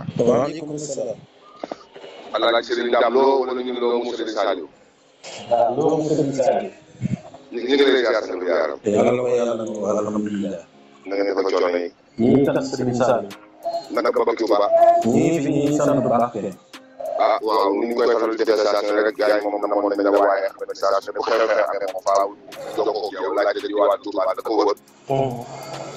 rahmatullah. waaleykum salaam. alaaji Serigne Dame Lo wala ñu ngi loo mu Serigne Saliou. waaw loo mu Serigne Saliou. ñu ngi lay ziar seen yaaram. yàlla na ko yàlla na ko alhamdulilah. na nga defal coono yi. ñu ngi sant Serigne Saliou. naka ba Touba. ñu fi ñuy sant bu baax kenn. ah waaw ni ñu koy faral di defee saa su ne rek gars yi moom namoon nañ la waaye xam saa su ne bu xew xew amee moom faaw jokkoo ak yow laajte di waa Touba da ko wër. Hmm.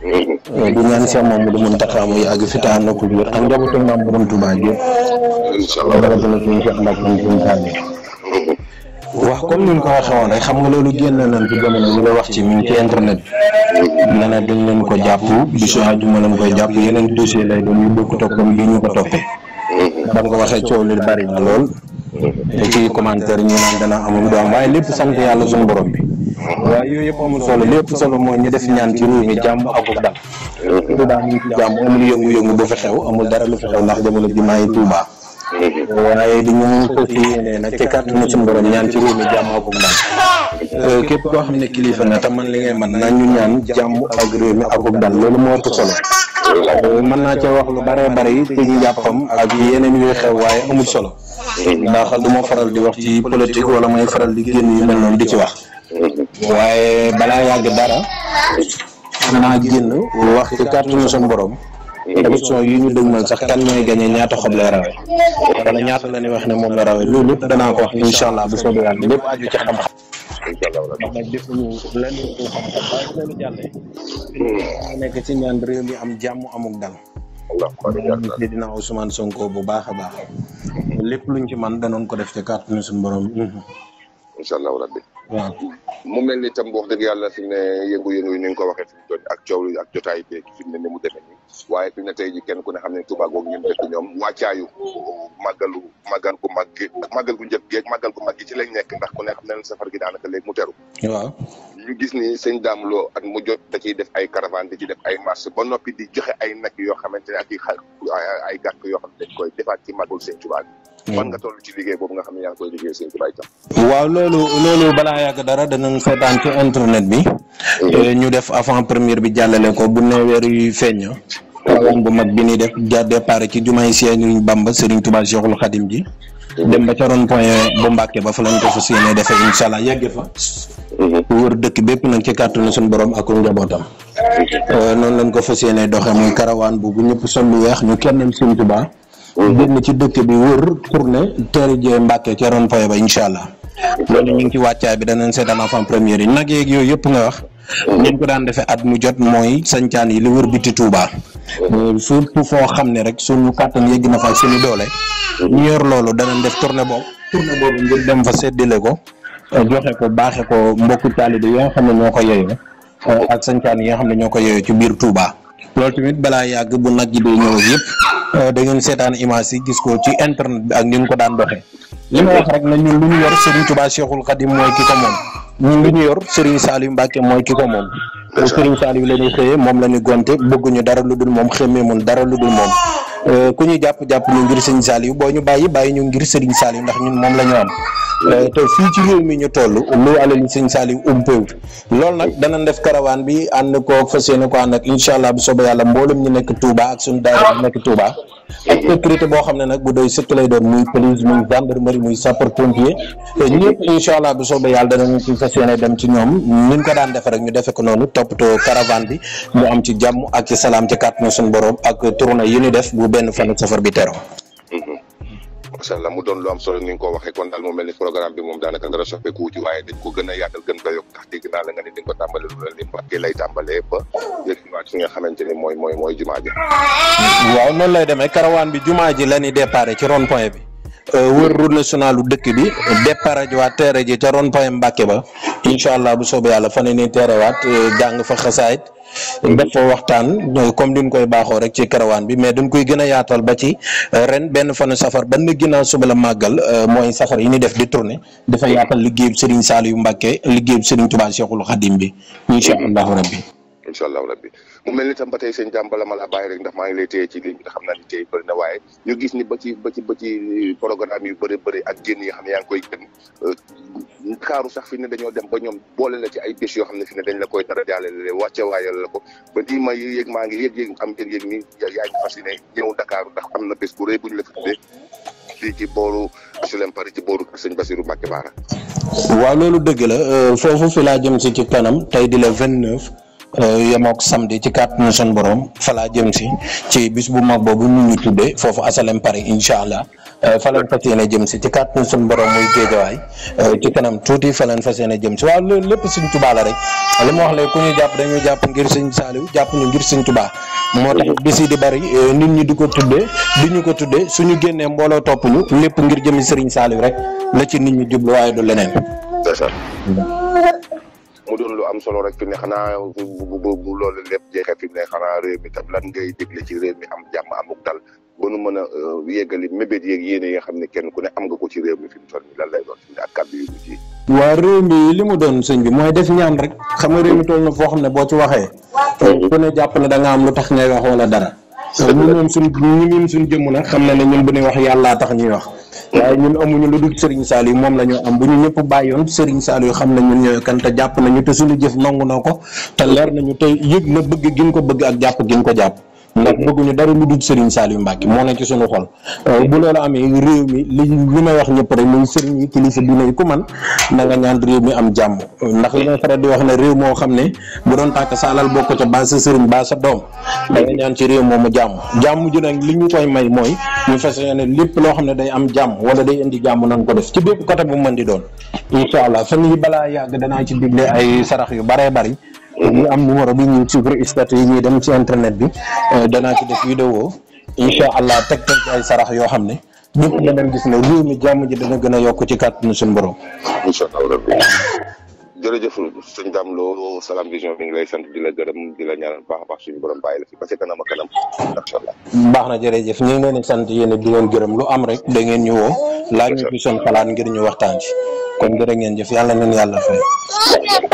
di ñaan Cheikh Mamadou Mountakha mu yàgg fi te ànd ak wér ak njabootu Maam Borom Touba gi wax comme ni ñu ko waxee woon rek xam nga loolu génn nañ ci jamono la wax ci mi ngi ci internet bi nee na dañ leen ko jàpp bisu àjjuma lañ koy jàpp yeneen dossier lay doon yu bokkut ak comme li ñu ko toppee ba nga ko waxee coow li bari na lool te ci commentaire ñu naan dana amul du am waaye lépp sant yàlla suñu borom bi waaw yooyu yëpp amul solo lépp solo mooy ñu def ñaan ci réew mi dal réew daa ngi ci jàmm amul yëngu-yëngu lu fi xew ndax jamono ji maa ngi Tuuba waaye di ñu fas yéene nag ci ñaan ci réew mi jàmm akub dal euh, koo xam ne kilifa nga te man li ngay man na ñaan jàmm ak réew mi akub dal loolu moo ëpp solo euh, man naa cee wax lu bare bare yi ci njàppam ak yeneen yooyu xew waaye amul solo ndax du ma faral di wax ci politique wala may faral di génn yu mel noonu di ci wax waaye balaa yàgg dara naa génn wax ci kàttanu suñu borom émission yi ñu dëgmal sax kan mooy gagné ñaata xob lay rawee ñaata la ñuy wax ne moom la rawee loolu lépp danaa ko wax incha allah bu soobee yàlla lépp aju ci xam-xam ndax nag defuñu lenn ko xam-xam waaye bu leen jàllee ñu nekk ci ñaan réew mi am jàmm amuk dal di dina Ousmane Sonko bu baax a baax lépp luñ ci man danoon ko def ci kàttanu suñu borom incha allahu rabbi mu mel ni tam wax dëgg yàlla fi mu ne yëngu-yëngu yi ni ko waxee fi mu doon ak coow ak jotaay mu ne ni waaye fi mu ne tey kenn ku ne xam ne Touba googu ñun dëkk ñoom wàccaayu màggalu màggal gu mag gi màggal gu njëkk geeg màggal mag gi ci lañ nekk ndax ku ne xam ne safar gi daanaka léegi mu teru waaw ñu gis ni sëñ Dame loo at mu jot da ciy def ay caravane di ci def ay marché ba noppi di joxe ay nag yoo xamante ne ak i xar ay gàtt yoo xam ne dañ koy defaat ci màggalu sëñ Touba bi Mm. fan nga toll ci liggéey boobu nga xam ne yaa ngi koy liggéey seen tubaab itam. waaw loolu loolu balaa yàgg dara danañ seetaan ci internet bi. Mm. Eh, ñu def avant première bi jàllale ko bu ne weer yu feeñ. waaw bu mag bi ni def jaar départ ci jumaay Serigne Bamba Serigne Touba Cheikhul Khadim ji. Mm. dem ba ca rond point bu Mbàkke ba fa lañ ko fa séenee defee incha allah yegg fa. Mm-hmm. wër dëkk bépp nag ci kàttanu suñu borom ak njabootam. Mm-hmm. Eh, noonu lañ ko fa séenee doxee muy karawaan bu bu ñëpp sol weex ñu kenn Serigne Touba. Mm-hmm. génn ci dëkk bi wër tourné teeri jee Mbàkke ca ron ba incha allah mm-hmm. loolu ñu ci wàccaay bi danañ seetaan avant première yi nag yeeg yooyu yëpp nga wax mm-hmm. ñun ko daan defee at mu jot mooy sañcaan yi li wër biti Touba euh, surtout foo xam ne rek suñu kàttan yegg na fa suñu doole ñu loolu danañ def tournée boobu tournée boobu ngir dem fa séddale ko euh, joxe ko baaxe ko mbokku taalibe yi nga xam ne ñoo ko yeyoo euh, ak sañcaan yi nga xam ne ñoo ko yeyoo ci biir Touba loolu tamit balaa yàgg nag ji dee ñëw Euh, da ngeen seetaan image yi gis ko ci internet bi ak ni ko daan doxee li ma wax rek na ñun lu ñu yor Serigne Touba Cheikhul Khadim mooy ki ko moom ñun lu ñu yor Serigne Saliou Mbacke mooy ki ko moom Serigne Saliou la ñuy moom la gonte bëgguñu dara lu dul moom xëmmee mun dara lu dul moom Euh, ku ñu jàpp jàpp ñu ngir sëriñ Saliou boo ñu bàyyi bàyyi ñu ngir sëriñ Saliou ndax ñun moom la ñu am euh, te fii ci réew mi ñu toll lu alal sëriñ Saliou umpéew loolu nag danañ def karawaan bi ànd koo fas yéene ko ànd ak incha allah bu soobee yàlla mboolem ñu nekk Touba ak suñu daayira bi nekk Touba ak sécurité boo xam ne nag bu doy lay doon muy police muy gendarmerie muy sapeur incha allah bu soobee yàlla danañ ci dem ci ñoom niñ ko daan defe rek ñu defe ko noonu toppatoo caravane bi mu am ci jàmm ak ci salaam ci kàttanu suñu borom ak tournée yi ñu def benn fanu safar bi teroo mhm. macha allah mu doon lu am solo ni ko waxee kon daal mu mel ni programme bi moom daanaka dara soppeeku wu ci waaye ko gën a yaatal gën ko yokk ndax dégg naa la nga ne ko tàmbale lu la ni Mbàkke lay tàmbalee ba yëriwaat fi nga xamante ni mooy mooy mooy jumaa ji waaw noonu lay demee karawaan bi jumaa ji la ñuy départ ci rond point bi Euh, wër route nationale dëkk bi départ waat teere ji ca ron payam Mbàkke ba incha allah bu soobee yàlla fa ne ni teere waat euh, jàng fa xasaayit def fa waxtaan comme duñ koy baaxoo rek ci karawaan bi mais dañ koy gën a yaatal ba ci euh, ren benn fanu safar ban na ginnaaw suba la màggal mooy safar yi ñuy def di tournée dafa yaatal liggéeyub Serigne Saliou Mbàkke liggéeyub Serigne Touba Cheikhul Khadim bi incha allahu rabbi allahu rabbi mu mel ni tam ba tey seen jàmm bala ma la bàyyi rek ndax maa ngi lay téye ci ligne bi nga xam naa ni téye bëri waaye ñu gis ni ba ci ba ci ba ci programme yu bëri bëri ak génn yi xam ne yaa ngi koy gën euh, xaaru sax fi ne dañoo dem ba ñoom boole la ci ay bés yoo xam ne ne dañ la koy dara jaalele wàcce la ko ba lii may yëg maa ngi yëg yëg am yëg yëg ni ñëw Dakar ndax am na bés bu rëy bu la fi tuddee lii ci booru Asilem Paris ci booru sëñ Basirou Mbacké Bara waaw loolu dëgg la euh, foofu fi si ci kanam tey Euh, yemook samedi ci kàttanu sun borom falaa jëm si ci bis bu mag boobu ñu tuddee foofu asalem Paris incha allah euh, falan fas yéene jëm si ci kàttanu sun borom muy géejawaay euh, ci kanam tuuti falan fas seene jëm si waaw loolu lépp Sëñ Tuubaa la rek li moo wax la ku ñu jàpp dañuy jàpp ngir Sëñ Saaliw jàpp ñu ngir Sëñ Tuubaa moo tax bis yi di bari nit ñi di ko tuddee di ñu ko tuddee su ñu génnee mbooloo topp ñu lépp ngir jëmi Sëriñ Saaliw rek la ci nit ñi jublu waaye du leneen am solo rek fi ne xanaa bu bu loolu lépp jeexee fi ne xanaa réew mi tam lan ngay digle ci réew mi am jàmm amuk dal ba nu mën a euh, yeggali mébét yeeg yéene yi nga xam ne kenn ku ne am nga ko ci réew mi fi mu toll nii lan lay doon fi mu ne ak kàddu yu mujj waa réew mi li mu doon sëñ bi mooy def ñaan rek xam nga réew mi toll na foo xam ne boo ci waxee. Mm-hmm. ku ne jàpp na da am lu tax ngay wax wala dara. dëgg la ñun ñun suñ ñun suñ jëmm nag xam na ne ñun bu ñuy wax yàllaa tax ñuy wax. waaye ñun amuñu lu dul Serigne Saliou moom la ñu am bu ñu ñëpp bàyyoon Serigne Saliou xam na ñun ñooy kan jàpp nañu te suñu jëf nangu noo ko te leer nañu te yëg na bëgg gin ko bëgg ak jàpp gin ko jàpp ndax bëgguñu dara lu dul Serigne Saliou Mbacke moo ne ci suñu xol euh, bu loolu amee réew mi li li may wax ñëpp rek muy Serigne yi kilifa dina yi ko man na nga ñaan réew mi am jàmm ndax li may faral di wax ne réew moo xam ne bu doon tàkk sa alal bokk ca ba sa sëriñ sa doom da nga ñaan ci réew moomu jàmm jàmm ju nag li ñu koy may mooy ñu fas yéene lépp loo xam ne day am jàmm wala day indi jàmm nan ko def ci bépp côté bu mën di doon incha allah fan yi balaa yàgg danaa ci digle ay sarax yu baree bari yi am numéro bi ñu ci pour experts yi ñuy dem ci internet bi euh, danaa ci def vidéo incha allah tegtal ci ay sarax yoo xam ne ñëpp danañ gis ne réew jàmm ji dana gën a yokk ci kàttanu suñu borom. incha allah rabbi jërëjëf sëñ Dame Lo Salam Vision mi ngi lay sant di la gërëm di la ñaanal baax a baax suñu borom bàyyi la fi ba ci kanam ak kanam incha baax na jërëjëf ñu ngi leen di sant yéen di leen gërëm lu am rek da ngeen ñu woo laaj ñu ci seen xalaat ngir ñu waxtaan ci kon jërë ngeen jëf yàlla nañ yàlla fay.